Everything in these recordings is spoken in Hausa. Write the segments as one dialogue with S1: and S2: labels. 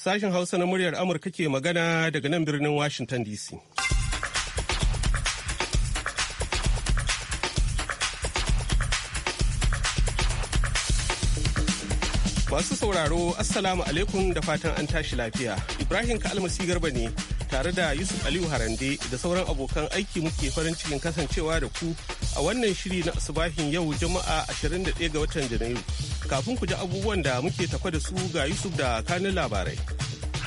S1: Sashen Hausa na muryar Amurka ke magana daga nan birnin Washington DC. Masu sauraro, Assalamu alaikum da fatan an tashi lafiya. Ibrahim Kalmasi Garba ne tare da Yusuf Aliyu Harande da sauran abokan aiki muke farin cikin kasancewa da ku a wannan shiri na asubahin yau juma'a 21 ga watan janairu kafin ku ji abubuwan da muke tafa da su ga yusuf da kanin labarai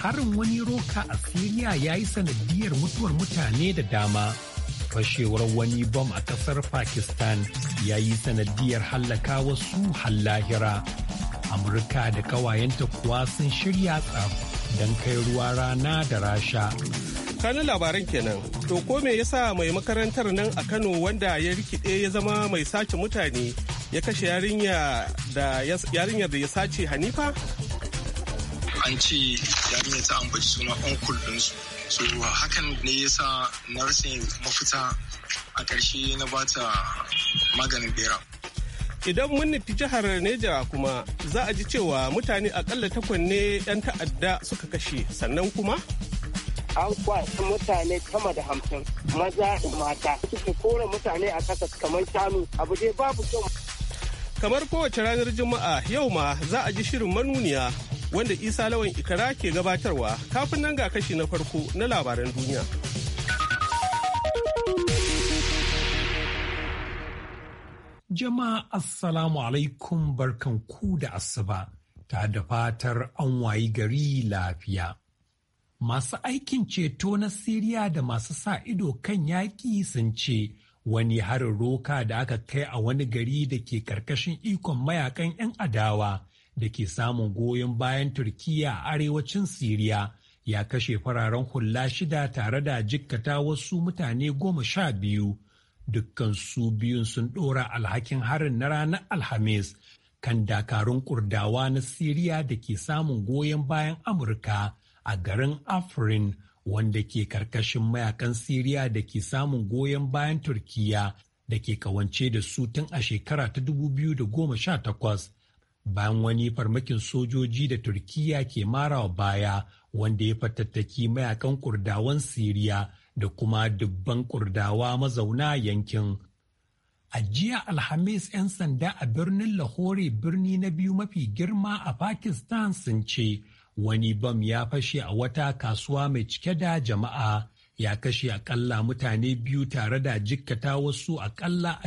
S2: harin wani roka a siriya ya yi sanadiyar mutuwar mutane da dama fashewar wani bom a kasar pakistan ya yi sanadiyar hallaka wasu hallahira amurka da kawayenta kuwa sun shirya tsaf don kai ruwa rana da rasha Kano labaran kenan to ko me yasa mai
S1: makarantar nan a kano wanda ya rikide ya zama mai sace mutane ya kashe yarinyar da ya sace hanifa
S3: an ce yarinya ta ambaci suna onkul ɗinsu so hakan ne yasa na rasa mafita a ƙarshe na bata maganin bera
S1: idan mun nufi jihar neja kuma za a ji cewa mutane akalla takwan ne 'yan ta'adda suka kashe sannan kuma
S3: an kwashi mutane sama da hamsin
S1: maza da mata suke kore mutane a kasa kamar shanu abu dai babu kyau. kamar kowace ranar juma'a yau ma za a ji shirin manuniya wanda isa lawan ikara ke gabatarwa kafin nan ga kashi na farko na labaran duniya.
S2: Jama'a Assalamu alaikum barkan ku da asuba ta da fatar an wayi gari lafiya. masu aikin ceto na Siriya da masu sa ido kan yaƙi sun ce wani harin roka da aka kai a wani gari da ke ƙarƙashin ikon mayakan 'yan adawa da ke samun goyon bayan Turkiyya a arewacin Siriya ya kashe fararen hula shida tare da jikkata wasu mutane goma sha biyu. Dukkan su biyun sun ɗora alhakin harin na ranar Alhamis kan dakarun ƙurdawa na Siriya da ke samun goyon bayan Amurka. a garin Afrin wanda ke karkashin mayakan Siriya da ke samun goyon bayan Turkiyya da ke kawance da su tun a shekara ta 2018 bayan wani farmakin sojoji da Turkiyya ke marawa baya wanda ya fatattaki mayakan kurdawan Siriya da kuma dubban kurdawa mazauna yankin. A jiya Alhamis 'yan sanda a birnin Lahore birni na biyu mafi girma a Pakistan sun ce wani bam ya fashe a wata kasuwa mai cike da jama'a ya kashe akalla mutane biyu tare da jikkata wasu akalla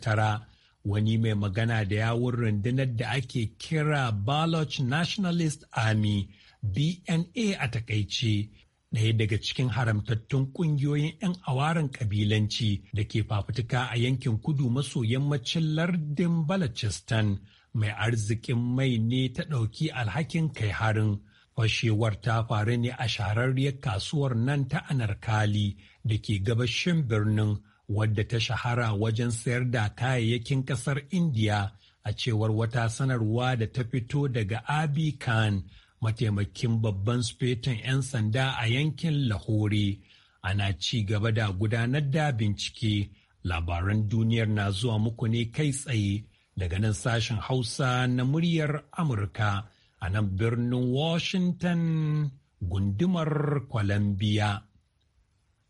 S2: tara wani mai magana da yawun rundunar da ake kira Baloch Nationalist Army BNA a takaice ɗaya daga cikin haramtattun ƙungiyoyin 'yan awaran ƙabilanci da ke fafutuka a yankin kudu maso yammacin lardin Balochistan mai arzikin mai ne ta ɗauki alhakin kai harin. Fashewar ta faru ne a shahararriyar kasuwar nan ta Anarkali da ke gabashin birnin wadda ta shahara wajen sayar da kayayyakin ƙasar Indiya a cewar wata sanarwa da ta fito daga Abi Khan mataimakin babban sufetin 'yan sanda a yankin Lahore. Ana ci gaba da gudanar da bincike labaran duniyar na zuwa muku ne kai tsaye daga nan sashen Hausa na muryar Amurka a nan birnin Washington gundumar Columbia.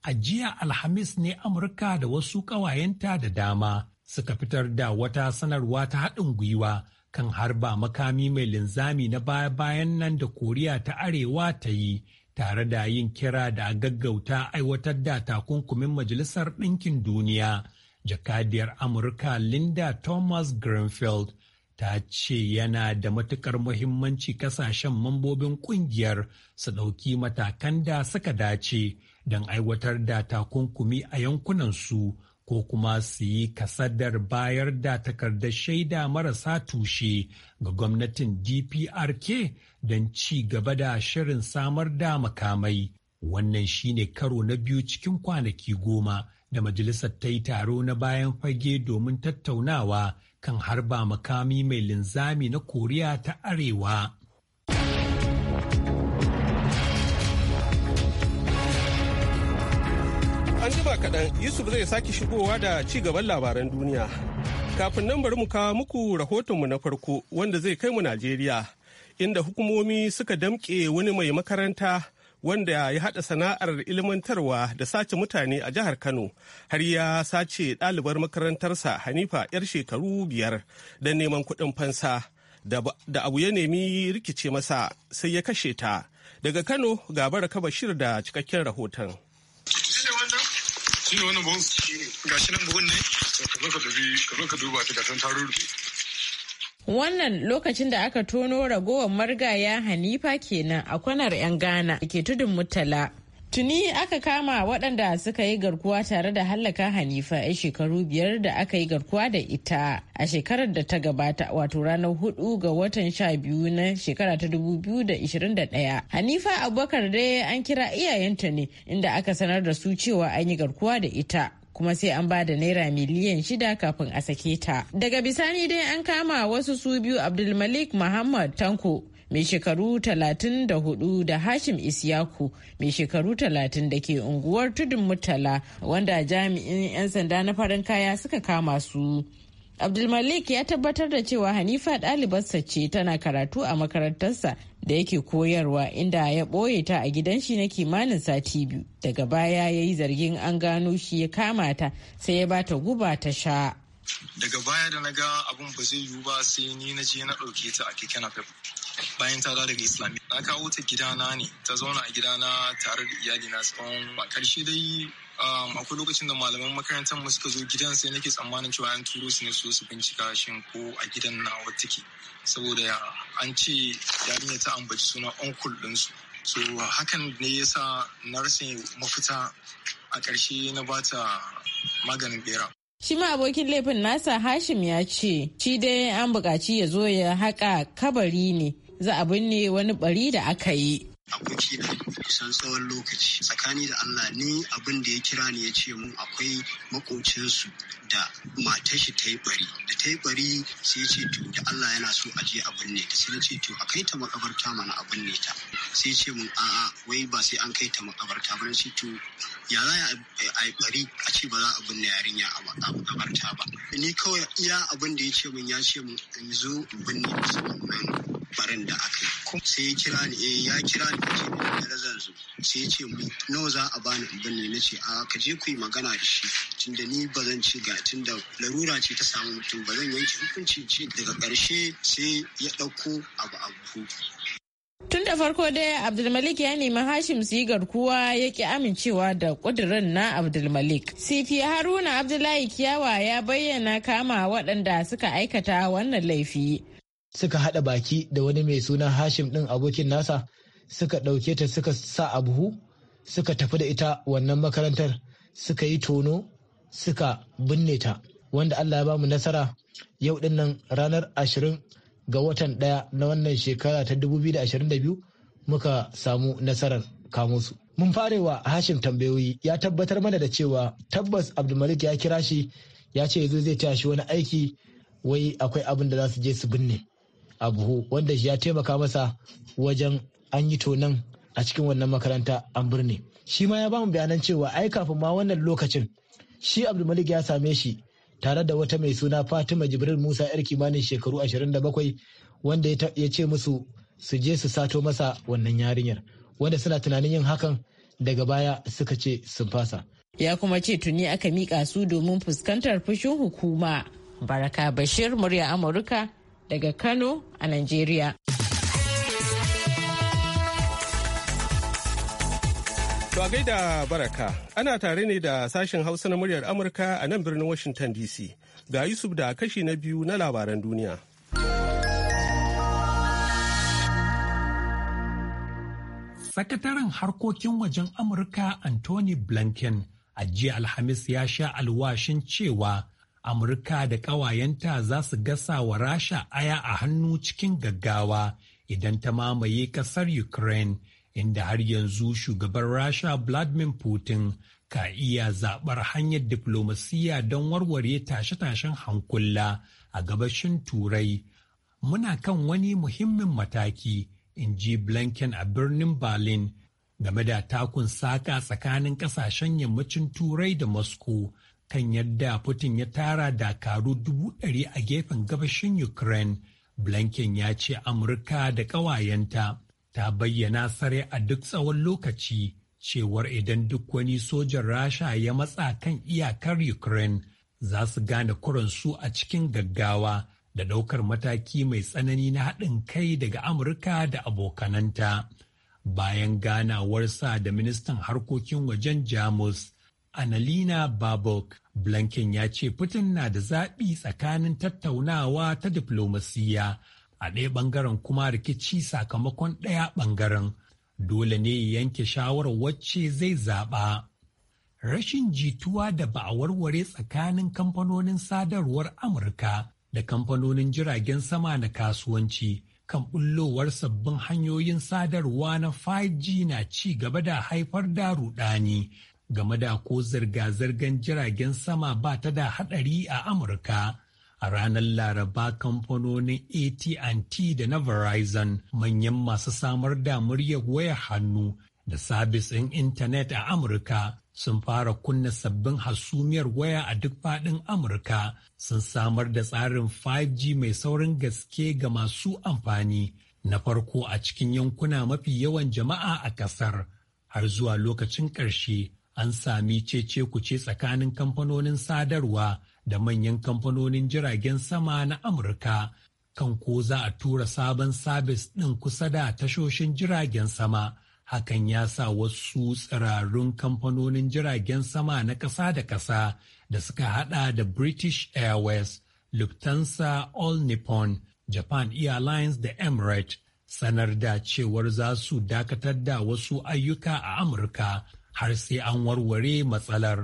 S2: A jiya Alhamis ne Amurka da wasu ƙawayenta da dama suka fitar da wata sanarwa ta haɗin gwiwa kan harba makami mai linzami na baya-bayan nan da Koriya ta Arewa ta yi tare da yin kira da gaggauta aiwatar da takunkumin Majalisar Ɗinkin Duniya. jakadiyar Amurka Linda Thomas Greenfield ta ce yana da matukar muhimmanci kasashen mambobin kungiyar su ɗauki matakan da suka dace don aiwatar da takunkumi a yankunansu ko kuma su yi kasadar bayar da takardar shaida marasa tushe ga gwamnatin DPRK don ci gaba da shirin samar da makamai. Wannan shine karo na biyu cikin kwanaki goma. da majalisar ta yi taro na bayan fage domin tattaunawa kan harba makami mai linzami na koriya ta arewa an ba kaɗan yusuf
S1: zai sake shigowa da ci gaban labaran duniya kafin nan bari mu kawo muku rahotonmu na farko wanda zai kai mu najeriya inda hukumomi suka damƙe wani mai makaranta wanda ya haɗa sana'ar ilmantarwa da sace mutane a jihar Kano har ya sace ɗalibar makarantarsa Hanifa 'yar shekaru biyar don neman kuɗin fansa da abu ya nemi rikice masa sai ya kashe ta. Daga Kano ga Baraka Bashir da cikakken rahoton.
S4: Shi ne wannan buhun? Ga shi ne? Ka ta
S5: Wannan lokacin da aka tono ragowar margaya Hanifa kenan a kwanar 'yan Ghana da ke tudun Murtala. Tuni aka kama waɗanda suka yi garkuwa tare da hallaka Hanifa 'yan shekaru biyar da aka yi garkuwa da ita a shekarar da ta gabata wato ranar hudu ga watan sha biyu na shekara ta dubu biyu da da ishirin ɗaya. Hanifa Abubakar dai an kira iyayenta ne inda aka sanar da su cewa an yi garkuwa da ita. kuma sai an ba da naira miliyan shida kafin a sake ta daga bisani dai an kama wasu su biyu abdulmalik muhammad tanko mai shekaru talatin da hudu da hashim isyaku mai shekaru talatin da ke unguwar tudun murtala wanda jami'in 'yan sanda na farin kaya suka kama su abdulmalik ya tabbatar da cewa hanifa ɗalibarsa ce tana karatu a makarantarsa da yake koyarwa inda ya ɓoye ta a gidan shi na kimanin sati biyu daga baya ya yi zargin an gano shi ya kama ta sai ya ba ta guba ta sha
S3: daga baya da na ga abun ba zai yiwu ba sai ni na je na ɗauke ta a keke na bayan ta daga islamiyya na kawo ta gidana ne ta zauna a gidana tare da iyali na tsawon karshe dai Um, akwai lokacin da malaman makarantar mu suka zo gidan sai nake tsammanin cewa an turo su ne su su bincika shi ko a gidan na take saboda an ce yarinya ta ambaci suna onkul ɗinsu so hakan ne yasa na rasa mafita a ƙarshe na bata maganin bera
S5: Shi ma abokin laifin nasa Hashim ya ce, shi dai an buƙaci ya zo ya haƙa kabari ne, za a binne wani bari da aka yi. abuki
S3: da kusan tsawon lokaci tsakani da Allah ni abin da ya kira ni ya ce mun akwai makocinsu da matar shi ta yi bari da ta yi bari sai ya ce to da Allah yana so a je a binne ta sai na ce to a kai ta makabarta mana a binne ta sai ce mun a'a wai ba sai an kai ta makabarta ba na to ya za a yi bari a ce ba za a binne yarinya a makabarta ba ni kawai iya abin da ya ce mun ya ce mun in zo binne barin da aka yi sai ya kira ni eh ya kira ni ce da razan zu sai ya ce nawa za a bani abin ne na ce a ka je ku yi magana da shi tunda ni ba zan ci ga tunda larura ce ta samu mutum ba zan yanke hukunci ce daga karshe sai ya dauko abu a buhu
S5: Tun da farko dai Abdulmalik ya nemi Hashim su yi garkuwa ya ki amincewa da kudirin na Abdulmalik. Sifi Haruna Abdullahi Kiyawa ya bayyana kama waɗanda suka aikata wannan laifi.
S6: suka haɗa baki da wani mai suna hashim ɗin abokin nasa suka ɗauke ta suka sa a buhu suka tafi da ita wannan makarantar suka yi tono suka binne ta wanda allah ya ba mu nasara yau ɗin nan ranar ashirin ga watan ɗaya na wannan shekara ta 2022 muka samu nasarar kamo su mun farewa hashim tambayoyi ya tabbatar mana da cewa tabbas abdulmalik ya kira shi ya ce zai taya shi wani aiki wai akwai abin da za su je su binne a buhu wanda ya taimaka masa wajen an yi tonan a cikin wannan makaranta an birni shi ma ya bamu bayanan cewa ai kafin ma wannan lokacin shi abdulmalik ya same shi tare da wata mai suna fatima jibril musa yar kimanin shekaru 27 wanda ya ce musu su je su sato masa wannan yarinyar wanda suna tunanin yin hakan daga baya suka ce sun fasa
S5: ya kuma ce tuni aka mika su domin fuskantar fushin hukuma baraka bashir murya amurka daga Kano a Najeriya.
S1: To a gaida baraka ana tare ne da sashen hausa na muryar Amurka a nan birnin Washington DC ga Yusuf da kashi na biyu na labaran duniya.
S2: Sakataren harkokin wajen Amurka Anthony Blinken a jiya Alhamis ya sha alwashin cewa Amurka da ƙawayenta za su gasa wa Rasha aya a hannu cikin gaggawa idan ta mamaye ƙasar Ukraine, inda har yanzu shugaban Rasha Vladimir Putin ka iya zaɓar hanyar diflomasiyya don warware tashe-tashen hankula a gabashin Turai. Muna kan wani muhimmin mataki, in ji Blinken a birnin Berlin game da takun saƙa tsakanin ƙasashen yammacin Turai da Moscow. kan yadda Putin ya tara dakaru dubu ɗari a gefen gabashin Ukraine. Blinken ya ce Amurka da ƙawayenta ta bayyana sare a duk tsawon lokaci cewar idan duk wani sojan Rasha ya matsa kan iyakar Ukraine za su gane kuransu a cikin gaggawa da ɗaukar mataki mai tsanani na haɗin kai daga Amurka da abokananta. Bayan ganawarsa da ministan harkokin wajen Jamus, Annalina Babok. Blanken ya ce Putin na da zaɓi tsakanin tattaunawa ta diplomasiya a ɗaya ɓangaren kuma rikici sakamakon ɗaya ɓangaren. Dole ne yanke shawarar wacce zai zaɓa. Rashin jituwa da ba a warware tsakanin kamfanonin sadarwar Amurka da kamfanonin jiragen sama na kasuwanci kan ɓullowar sabbin hanyoyin sadarwa na 5G na ci gaba da haifar da rudani game da ko zirga-zirgar jiragen sama ba ta da haɗari a Amurka. A ranar Laraba kamfanonin AT&T da na Verizon manyan masu samar da muryar waya hannu da sabis ɗin intanet a Amurka sun fara kunna sabbin hasumiyar waya a duk faɗin Amurka sun samar da tsarin 5G mai saurin gaske ga masu amfani na farko a cikin yankuna mafi yawan jama'a a ƙasar har zuwa lokacin ƙarshe an sami cece kuce tsakanin kamfanonin sadarwa da manyan kamfanonin jiragen sama na Amurka kan ko za a tura sabon sabis ɗin kusa da tashoshin jiragen sama. Hakan ya sa wasu tsirarun kamfanonin jiragen sama na ƙasa da ƙasa da suka haɗa da British Airways, Lufthansa All Nippon, Japan Airlines da Emirates sanar da cewar za su dakatar da wasu ayyuka a Amurka har sai an warware matsalar.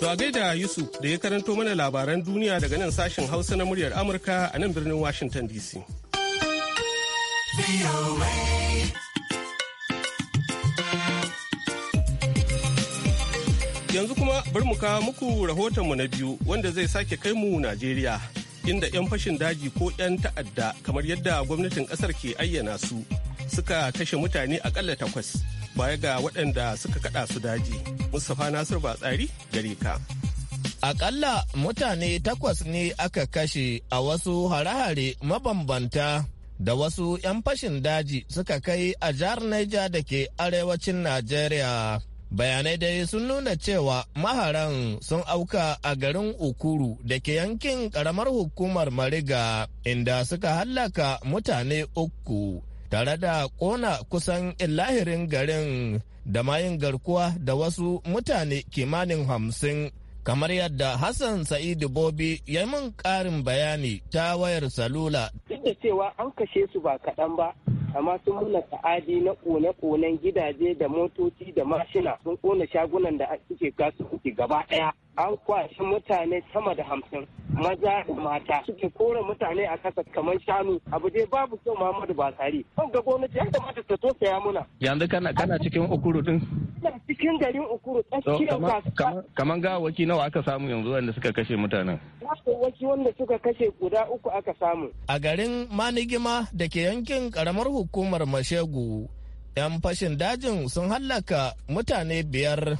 S1: To a gaida Yusuf da ya karanto mana labaran duniya daga nan sashen Hausa na muryar Amurka a nan birnin Washington DC. Yanzu kuma bar mu kawo muku rahotonmu na biyu wanda zai sake kai mu Najeriya. inda 'yan fashin daji ko 'yan ta'adda kamar yadda gwamnatin kasar ke ayyana su suka kashe mutane akalla takwas baya ga waɗanda suka kaɗa su daji. Mustapha Nasir Batsari gare ka.
S7: Akalla mutane takwas ne aka kashe a wasu hare-hare mabambanta da wasu 'yan fashin daji suka kai a jihar Niger da ke arewacin Najeriya. bayanai dai sun nuna cewa maharan sun auka a garin ukuru da ke yankin karamar hukumar mariga inda suka hallaka mutane uku tare da kona kusan ilahirin garin da mayin garkuwa da wasu mutane kimanin hamsin kamar yadda Hassan Sa'idu Bobi ya min ƙarin bayani ta wayar salula.
S1: Duk da cewa an kashe su ba kaɗan ba, amma sun muna ta'adi na kone-konen gidaje da motoci da mashina sun kona shagunan da suke kasu gaba ɗaya an kwashe mutane sama da hamsin maza da mata suke kore mutane a kasa kamar shanu abu dai babu kyau Muhammadu Bakari kan ga gwamnati ya kamata ta ya muna
S7: yanzu kana kana cikin ukuru din
S1: cikin garin ukuru tsakiyar
S7: kasuwa kamar waki nawa aka samu yanzu wanda suka kashe mutanen waki wanda suka kashe guda uku aka samu a garin manigima da ke yankin karamar hukumar mashegu 'yan fashin dajin sun hallaka mutane biyar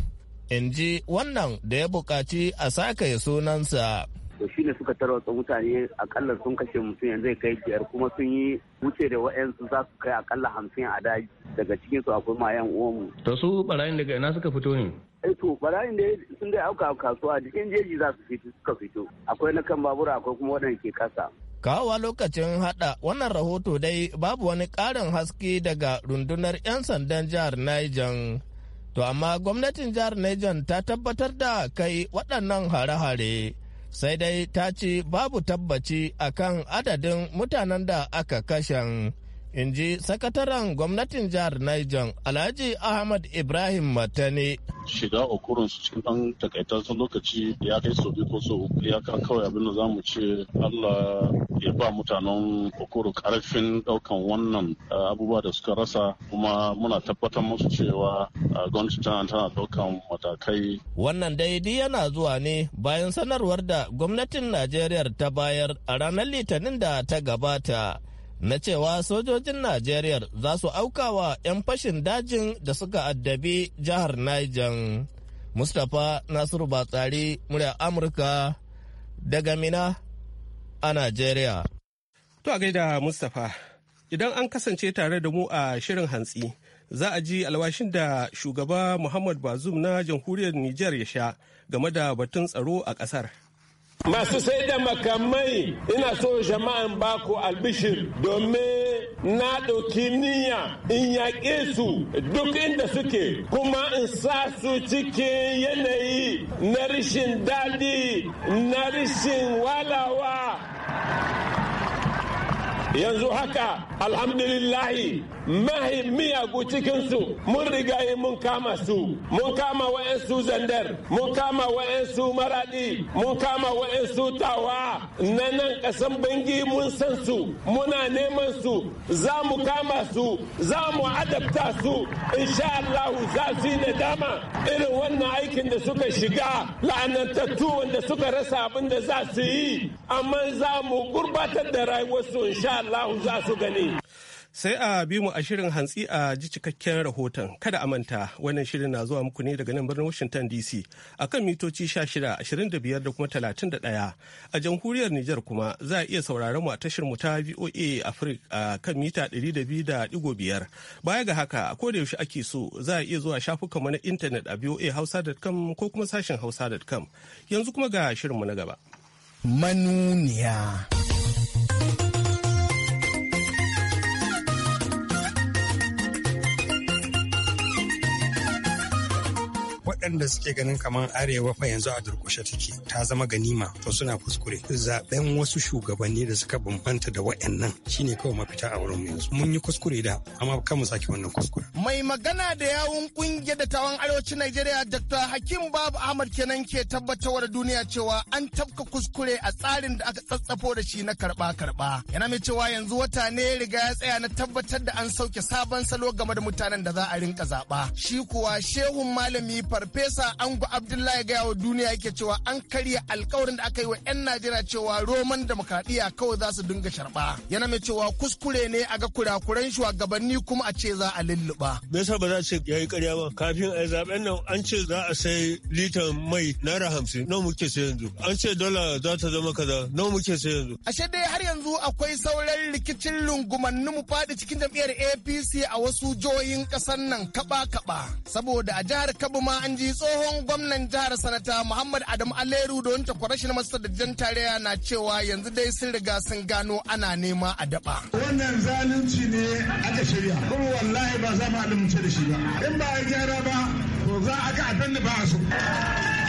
S7: in ji wannan da ya buƙaci a sakaye sunansa.
S8: to shi ne suka tarwatsa mutane akalla sun kashe mutum yanzu kai biyar kuma sun yi wuce da wa'yansu za su kai akalla hamsin a daji daga cikin su akwai mayan uwanmu.
S7: to su barayin daga ina suka fito ne.
S8: eh to barayin da sun dai auka kasuwa cikin jeji za su fito suka fito akwai na kan babura akwai
S6: kuma waɗanda ke kasa.
S7: kawowa lokacin hada wannan rahoto dai babu wani ƙarin haske daga rundunar 'yan sandan jihar Niger. To amma gwamnatin jihar Niger ta tabbatar da kai waɗannan hare-hare sai dai ta ce babu tabbaci akan adadin mutanen da aka kashen. in ji sakataren gwamnatin jihar Niger Alhaji Ahmad Ibrahim Matane.
S8: Shiga
S4: okurin su cikin ɗan takaitaccen lokaci ya kai sau biyu ko sau ya kan kawai abin da zamu ce Allah ya ba mutanen okuru karfin ɗaukan wannan abubuwa da suka rasa kuma muna tabbatar musu cewa gwamnati tana tana ɗaukan matakai.
S7: Wannan daidai yana zuwa ne bayan sanarwar da gwamnatin Najeriya ta bayar a ranar Litinin da ta gabata. na cewa sojojin Najeriya za su aukawa 'yan fashin dajin da suka addabi jihar Niger. Mustapha Nasiru Batsari, murya Amurka daga Mina
S1: a Najeriya. To a gaida Mustapha, idan an kasance tare da mu a shirin hantsi, za a ji alwashin da shugaba Muhammad Bazu na jamhuriyar Nijar ya sha game da batun tsaro a ƙasar.
S8: Masu sai da makamai
S1: ina so jama'an baku albishir domin na ɗauki niyya in yaƙe su duk inda suke kuma in sa su cikin yanayi na rishin daɗi na rishin walawa. yanzu haka alhamdulillahi mahi miyagu cikinsu mun rigaye mun kama su mun kama wa'yansu zandar mun kama wa'yansu maradi mun kama wa'yansu tawa na nan ƙasan bangi mun san su muna neman su za mu kama su za mu adabta su insha Allahu za su yi dama irin wannan aikin da suka shiga la'anantattu wanda suka rasa abin da za su yi amma za mu gurbatar da rayuwarsu insha Allah za su gani. Sai a bi mu a shirin hantsi a ji cikakken rahoton. Kada a manta wannan shirin na zuwa muku ne daga nan birnin Washington DC a kan mitoci 16, 25 da kuma 31. A jamhuriyar Nijar kuma za a iya sauraron mu a tashar mu ta VOA Africa a kan mita 200.5. Baya ga haka ko da yaushe ake so za a iya zuwa shafukan mu na intanet a voahausa.com ko kuma sashen hausa.com. Yanzu kuma ga shirin mu na gaba.
S9: Manuniya.
S3: waɗanda suke ganin kamar arewa fa yanzu a durkushe take ta zama ganima to suna kuskure zaben wasu shugabanni da suka bambanta da waɗannan shine kawai mafita a wurin yanzu mun yi kuskure da amma kan mu sake wannan kuskure
S9: mai magana da yawun kungiyar dattawan arewacin Najeriya Dr. Hakim Babu Ahmad kenan ke tabbatarwa da duniya cewa an tabka kuskure a tsarin da aka tsatsafo da shi na karba karba yana mai cewa yanzu wata ne riga ya tsaya na tabbatar da an sauke sabon salo game da mutanen da za a rinka zaba shi kuwa shehun malami farfesa ango abdullahi gaya wa duniya yake cewa an karya alkawarin da aka yi wa 'yan najeriya cewa roman demokradiyya kawai za su dinga sharba yana mai cewa kuskure ne a ga kurakuran shugabanni kuma a ce za a lulluɓa.
S10: me yasa ba za a ce ya yi karya ba kafin a zaben nan an ce za a sai litan mai naira hamsin nawa muke sai yanzu an ce dola za ta zama kaza nawa muke sai yanzu.
S9: ashe dai har yanzu akwai sauran rikicin lungumannin mu faɗi cikin jam'iyyar apc a wasu jihohin ƙasar nan kaba-kaba saboda a jihar kabu ma an ji tsohon gwamnan jihar sanata Muhammad adam Aleru don takwarashin masu da jan tarayya na cewa yanzu dai sun riga sun gano ana nema a daba.
S4: Wannan zalunci ne aka shirya.
S9: Kuma wallahi ba za mu alimce da shi ba. In ba a gyara ba to za a ga abin ba a so.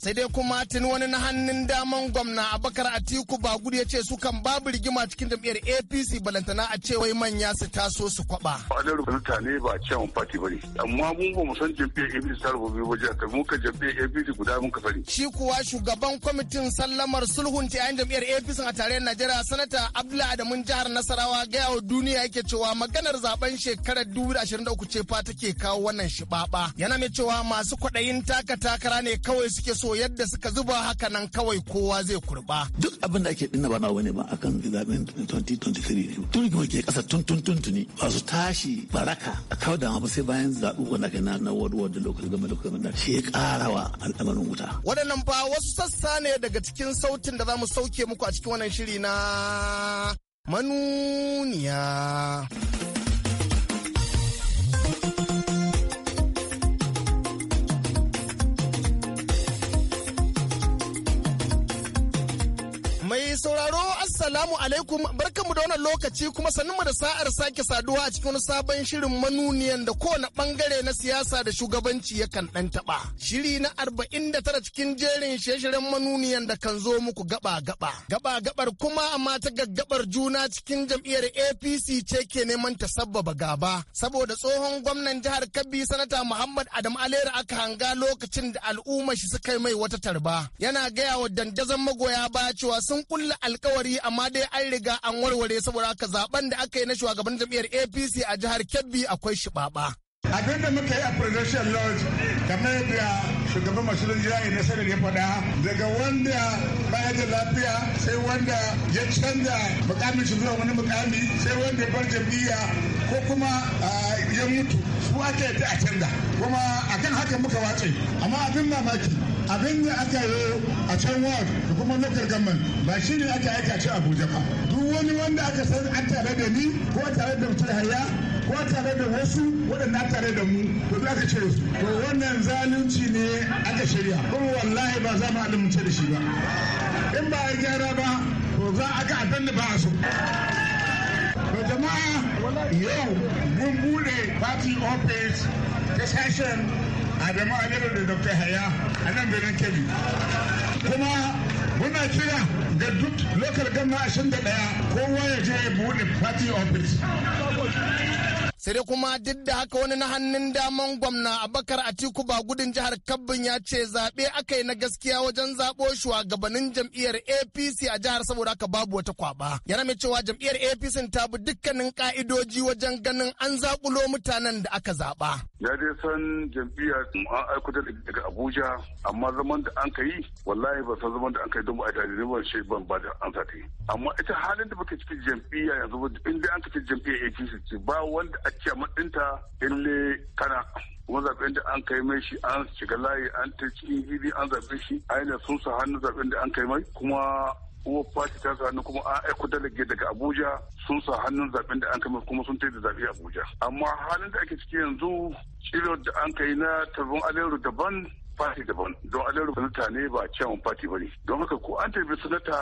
S9: sai dai kuma tun wani na hannun daman gwamna abakar atiku bagudu ya ce su kan babu rigima cikin jam'iyyar apc balantana a ce wai manya su taso su kwaba.
S4: fadar mutane ba cewa fati ba ne amma mu ba mu san jam'iyyar apc ta biyu ba jihar mu ka jam'iyyar apc guda mun ka sani. shi
S9: kuwa shugaban kwamitin sallamar sulhun ta yayin jam'iyyar apc a tarayyar najeriya sanata abdullahi adamun jihar nasarawa gaya wa duniya yake cewa maganar zaben shekarar 2023 ce fa take kawo wannan shibaba yana mai cewa masu kwaɗayin taka takara ne kawai suke so so yadda suka zuba haka nan kawai kowa zai
S8: kurba. Duk abin da ake dinna ba na wani ba akan zaben 2023 ne. Tun kuma ke kasa tun tun tun tuni ba su tashi baraka a kawo da ma sai bayan zaɓuɓɓun da kai na na wadwar da lokacin gama lokacin da shi ya karawa al'amarin wuta.
S9: Waɗannan ba wasu sassa ne daga cikin sautin da zamu sauke muku a cikin wannan shiri na manuniya. Assalamu alaikum barkanmu da wannan lokaci kuma mu da sa'ar sake saduwa a cikin sabon shirin manuniyan da kowane bangare na siyasa da shugabanci yakan dan taba. Shiri na arba'in da tara cikin jerin shirin manuniyan da kan zo muku gaba gaba. Gaba gabar kuma amma ta gaggabar juna cikin jam'iyyar APC ce ke neman ta sabbaba gaba. Saboda tsohon gwamnan jihar Kabbi sanata Muhammad Adam Alera aka hanga lokacin da al'umma shi suka mai wata tarba. Yana gaya wa dandazon magoya ba cewa sun kulla alkawari amma dai an riga an warware saboda haka zaben da aka yi na shugaban jam'iyyar apc a jihar kebbi akwai shibaba abin
S4: da muka yi a presidential lodge kamar yadda shugaban masu rinjaye na sanar ya faɗa daga wanda baya da lafiya sai wanda ya canza mukamin shi zuwa wani mukami sai wanda ya bar jam'iyya ko kuma ya mutu su aka yi a canza kuma akan haka muka watse amma abin mamaki abin da aka yi a can ward da kuma local government ba shi ne aka aika ce abuja ba duk wani wanda aka san an tare da ni ko tare da mutum haya ko tare da wasu waɗanda tare da mu to da aka ce su to wannan zalunci ne aka shirya kuma wallahi ba za mu alimce da shi ba in ba a gyara ba to za a ga abin ba a so to jama'a yau mun bude party office ta session adamu aliyu da dr haya a nan birnin kebbi kuma muna kira ga duk lokal gama 21 kowa ya je ya buɗe party office
S9: sai dai kuma duk da haka wani na hannun daman gwamna abakar atiku ba gudun jihar kabbin ya ce zaɓe aka yi na gaskiya wajen zaɓo shugabannin jam'iyyar apc a jihar saboda haka babu wata kwaba yana mai cewa jam'iyyar apc ta bi dukkanin ka'idoji wajen ganin an zaƙulo mutanen da aka zaɓa.
S4: ya dai san jam'iyyar an aikuta daga abuja amma zaman da an ka yi wallahi ba san zaman da an ka yi don ba a ba shi ban ba da an amma ita halin da muke cikin jam'iyya yanzu in dai an ka ce jam'iyyar apc ce ba wanda a ciyaman ɗinta ille kana kuma zaben da an kai mai shi an shiga layi an ta cikin hili an zaɓe shi a ina sun sa hannu zaben da an kai mai kuma uwa fati ta hannu kuma an aiko dalage daga abuja sun sa hannun zaben da an kai mai kuma sun taida zaɓe abuja amma halin da ake ciki yanzu ciro da an kai na tarbon alero daban fati daban don alaru sanata ne ba cewan fati ba ne don haka ko an tafi sanata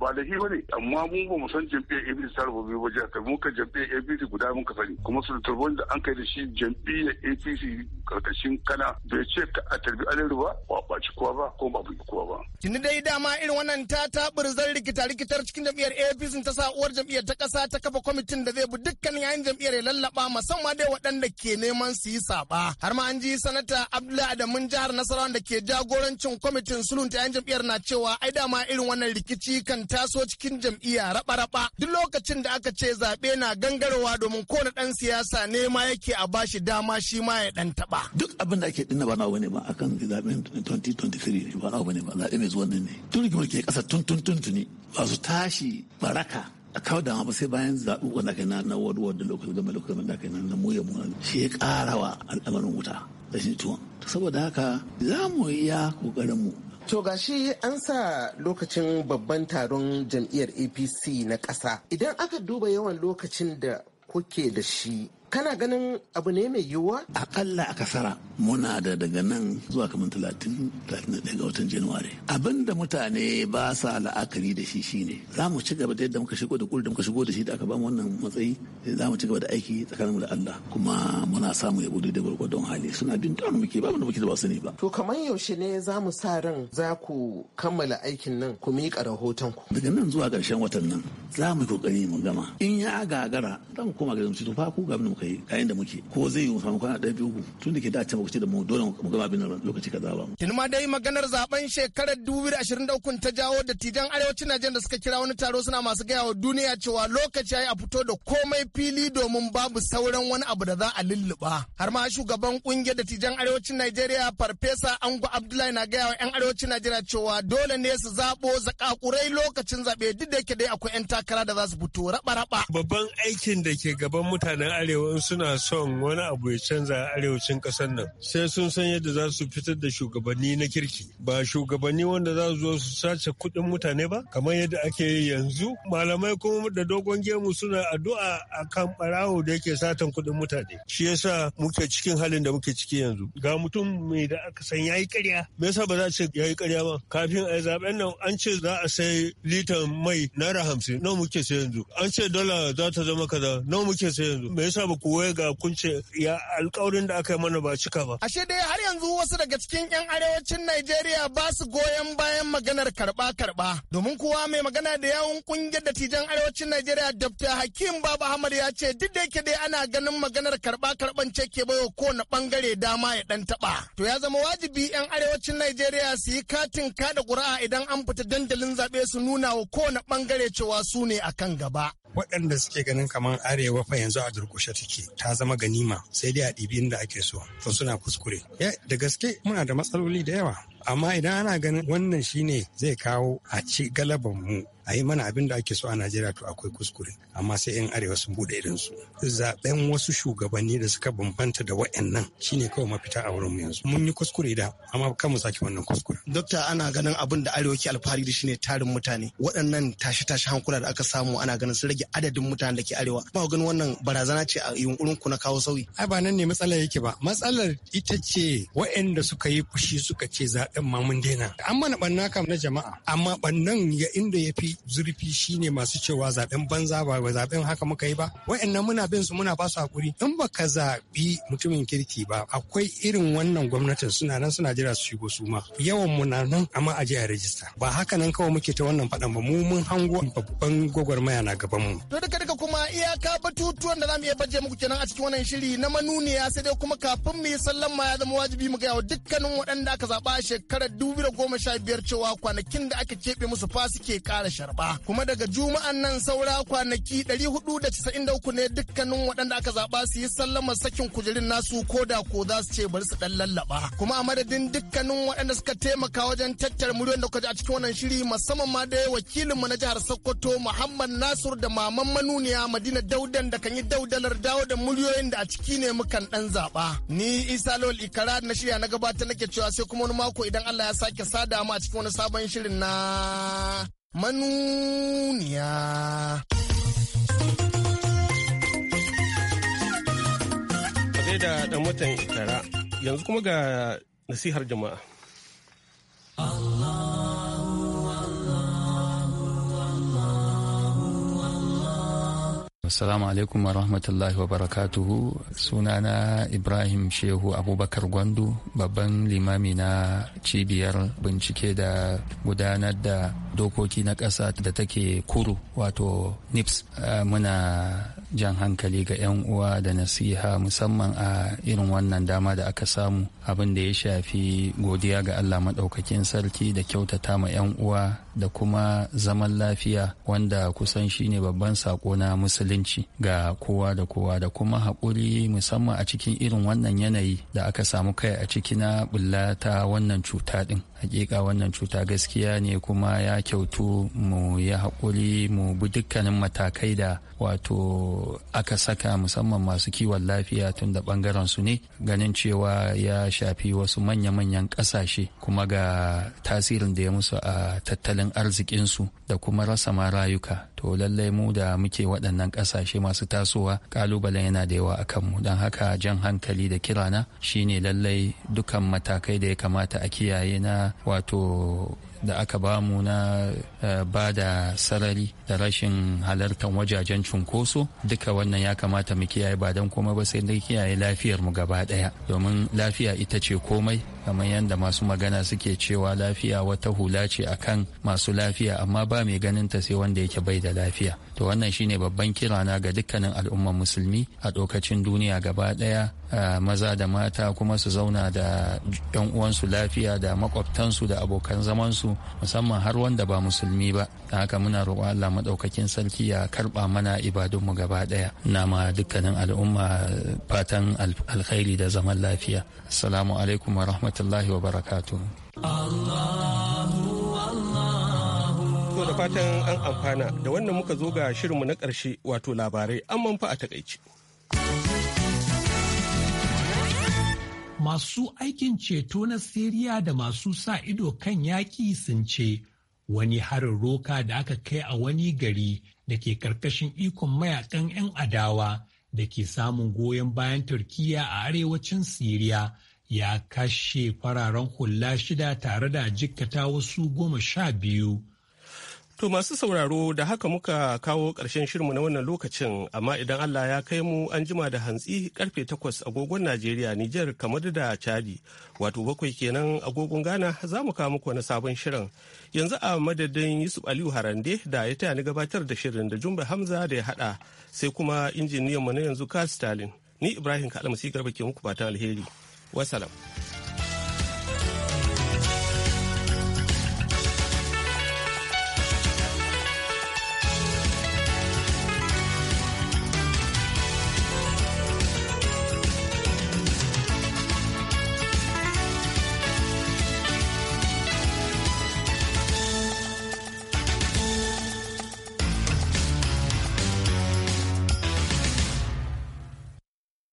S4: ba da ba ne amma mu ba mu san jam'iyyar abc ta biyu ba jihar mu ka jam'iyyar abc guda mun ka sani kuma su turbo da an kai da shi jam'iyyar apc karkashin kana bai ce ka a tarbi alaru ba ba ɓaci kowa ba ko ba bi kowa ba.
S9: tuni dai dama irin wannan ta zan rikita-rikitar cikin jam'iyyar apc ta sa uwar jam'iyyar ta ƙasa ta kafa kwamitin da zai bi dukkan yayin jam'iyyar ya lallaba musamman dai waɗanda ke neman su yi saɓa har ma an ji sanata abdullahi adamun jihar nasara Turawan da ke jagorancin kwamitin sulhunta 'yan jam'iyyar na cewa ai dama irin wannan rikici kan taso cikin jam'iyya raba-raba duk lokacin da aka ce zaɓe na gangarowa domin kowane ɗan siyasa ne ma yake a bashi dama shi ma ya ɗan taɓa.
S8: Duk abin da ake dinna ba na wani ba a kan zaɓen 2023 ba na wani ba zaɓe mai zuwan nan ne. Tun rigimar ke ƙasa tun tun tun tuni ba su tashi baraka a kawo da ba sai bayan zaɓi wanda kai na na wadda da lokacin gama lokacin da kai na na muyamu shi ya ƙarawa al'amarin wuta rashin saboda haka za mu iya mu.
S9: To gashi an sa lokacin babban taron jam'iyyar APC na ƙasa. Idan aka duba yawan lokacin da kuke da shi kana ganin abu ne mai yiwuwa?
S8: Akalla a kasara muna da daga nan zuwa kamar talatin talatin ɗaya ga watan Januwari. Abin da mutane ba sa la'akari da shi shine za mu ci gaba da yadda muka shigo da da muka shigo da shi da aka ba mu wannan matsayi za mu ci gaba da aiki tsakaninmu da Allah kuma muna samu yabo da gwargwadon hali suna bin don muke ba wanda muke da wasu ne ba. To kamar yaushe
S9: ne za mu sa ran za ku kammala aikin nan ku miƙa rahoton ku.
S8: Daga nan zuwa ƙarshen watan nan za mu yi ƙoƙari mu gama in ya gagara zan koma ga zamci to fa ku ga mu kai kayan da muke ko zai yi samu kwana ɗaya biyu tun da ke dace mu da mu dole mu gama abin lokaci kaza ba.
S9: Tun dai maganar zaben shekarar 2023 ta jawo dattijan arewacin Najeriya da suka kira wani taro suna masu gaya wa duniya cewa lokaci yayi a fito da komai fili domin babu sauran wani abu da za a lulluɓa. Har ma shugaban kungiyar dattijan arewacin Najeriya Farfesa Ango Abdullahi na gaya wa 'yan arewacin Najeriya cewa dole ne su zaɓo zakakurai lokacin zaɓe duk da yake dai akwai 'yan takara da za su fito raba-raba.
S10: Babban aikin da ke gaban mutanen arewa in suna son wani abu ya canza a arewacin ƙasar nan sai sun san yadda za su fitar da shugabanni na kirki ba shugabanni wanda za su zo su sace kuɗin mutane ba kamar yadda ake yi yanzu malamai kuma da dogon gemu suna addu'a a kan ɓarawo da yake satan kuɗin mutane shi yasa muke cikin halin da muke ciki yanzu ga mutum mai da aka san yayi ƙarya me yasa ba za a ce yayi ƙarya ba kafin a zaben nan an ce za a sai litan mai naira hamsin nawa muke sai yanzu an ce dala za ta zama kaza nawa muke sai yanzu me yasa ba wai ga kunce ya alkawarin da aka yi mana ba cika ba.
S9: Ashe dai har yanzu wasu daga cikin 'yan arewacin Najeriya ba su goyon bayan maganar karba karɓa Domin kuwa mai magana da yawun kungiyar dattijan arewacin Najeriya Dr. Hakim Baba Ahmad ya ce duk da yake dai ana ganin maganar karba karɓan ce ke baiwa kowane ɓangare dama ya dan taɓa. To ya zama wajibi 'yan arewacin Najeriya su yi katin kaɗa ƙuri'a idan an fita dandalin zaɓe su nuna wa kowane bangare
S3: cewa su ne a kan gaba. waɗanda suke ganin kamar arewa fa yanzu a durƙushe take ta zama ganima sai dai a ɗibi inda ake so to suna kuskure eh, da gaske muna da matsaloli da yawa amma idan ana ganin wannan shine zai kawo a ci galaban mu a yi mana abin da ake so a najeriya to akwai kuskure amma sai yan arewa sun bude irin su zaben wasu shugabanni da suka bambanta da wayannan shine kawai mafita a wurin mu yanzu mun yi kuskure da amma kan mu saki wannan kuskure dokta ana ganin abin da arewa ke alfahari da shine tarin mutane waɗannan tashi tashi hankula da aka samu ana ganin sun rage adadin mutanen da ke arewa ba ganin wannan barazana ce a yunkurin ku na kawo sauyi ai ba nan ne matsalar yake ba matsalar ita ce wayanda suka yi fushi suka ce za ɗin ma mun daina an mana ɓanna kam na jama'a amma bannan ya inda ya fi zurfi shine masu cewa zaben banza ba zaɓen haka muka yi ba wa'annan muna bin su muna ba su hakuri in baka zaɓi mutumin kirki ba akwai irin wannan gwamnatin suna nan suna jira su shigo su ma yawan mu nan amma a je a rajista ba haka nan kawai muke ta wannan faɗan ba mu mun hango babban gwagwarmaya na gaban mu.
S9: to duka duka kuma iyaka batutuwan da zamu iya baje muku kenan a cikin wannan shiri na manuniya sai dai kuma kafin mu yi sallama ya zama wajibi mu gaya wa dukkanin waɗanda aka zaɓa a shekarar biyar cewa kwanakin da aka keɓe musu fa suke ƙara sharba. Kuma daga juma'an nan saura kwanaki da da uku ne dukkanin waɗanda aka zaɓa su yi sallamar sakin kujerun nasu ko da ko za su ce bari su ɗan lallaɓa. Kuma a madadin dukkanin waɗanda suka taimaka wajen tattara miliyon da kwaje a cikin wannan shiri musamman ma da wakilinmu na jihar Sokoto Muhammad Nasir da maman manuniya Madina Daudan da kan yi daudalar dawo da muryoyin da a ciki ne mukan ɗan zaɓa. Ni Isa Lawal Ikara na shirya na gabata nake cewa sai kuma wani mako idan Allah ya sake sada mu a cikin wani sabon shirin na manuniya.
S1: Sai da ɗan watan ikara yanzu kuma ga nasihar jama'a. Allah.
S11: Assalamu alaikum wa rahmatullahi wa barakatuhu sunana Ibrahim Shehu Abubakar Gwandu babban limami na cibiyar bincike da gudanar da dokoki na ƙasa da take kuru wato NIPS muna jan hankali ga 'yan uwa da nasiha musamman a irin wannan dama da aka samu abin da ya shafi godiya ga allah maɗaukakin sarki da kyautata ma 'yan uwa da kuma zaman lafiya wanda kusan shine babban saƙo na musulunci ga kowa da kowa da kuma haƙuri musamman a cikin irin wannan yanayi da aka samu kai a ciki na bullata wannan cuta ɗin hakika wannan cuta gaskiya ne kuma ya kyautu mu ya haƙuri mu bi dukkanin matakai da wato aka saka musamman masu kiwon lafiya tun da bangaren su ne ganin cewa ya shafi wasu manya-manyan kasashe kuma ga tasirin da ya musu a tattalin arzikinsu da kuma rasa ma rayuka to lallai mu da muke waɗannan ƙasashe masu tasowa ƙalubalen yana da yawa a kanmu don haka jan hankali da kirana shine lallai dukan matakai da ya kamata a kiyaye na wato da aka bamu na eh, ba da sarari da rashin halartar wajajen cunkoso duka wannan ya kamata mu kiyaye ba don kuma ba sai da kiyaye lafiyar mu gaba daya domin lafiya ita ce komai kamar yadda masu magana suke cewa lafiya wata hula ce akan masu lafiya amma ba mai ganin ta sai wanda yake bai da lafiya to wannan shine babban kirana ga dukkanin al'ummar musulmi a ɗaukacin duniya gaba ɗaya maza da mata kuma su zauna da yan uwansu lafiya da makwabtansu da abokan zamansu musamman har wanda ba musulmi ba da haka muna roƙo Allah maɗaukakin sarki ya karɓa mana ibadunmu gaba ɗaya na ma dukkanin al'umma fatan alkhairi da zaman lafiya assalamu alaikum wa rahmatullahi wa barakatu.
S1: To da fatan an amfana da wannan muka zo ga shirinmu na ƙarshe wato labarai an manfa a takaici.
S2: Masu aikin ceto na Siriya da masu sa ido kan yaƙi sun ce wani harin roka da aka kai a wani gari da ke ƙarƙashin ikon mayakan 'yan adawa da ke samun goyon bayan Turkiyya a arewacin siriya ya kashe fararen hula shida tare da jikkata wasu goma sha biyu
S1: To masu sauraro da haka muka kawo ƙarshen shirmu na wannan lokacin amma idan Allah ya kai mu an jima da hantsi karfe takwas agogon Najeriya Nijar kamar da Chadi wato bakwai kenan agogon Ghana za mu kawo muku wani sabon shirin. Yanzu a madadin Yusuf Aliyu Harande da ya taya ni gabatar da shirin da Jumbe Hamza da ya haɗa sai kuma injiniyan mu na yanzu Carl Stalin. Ni Ibrahim Kalamasi Garba ke muku fatan alheri. Wasalam.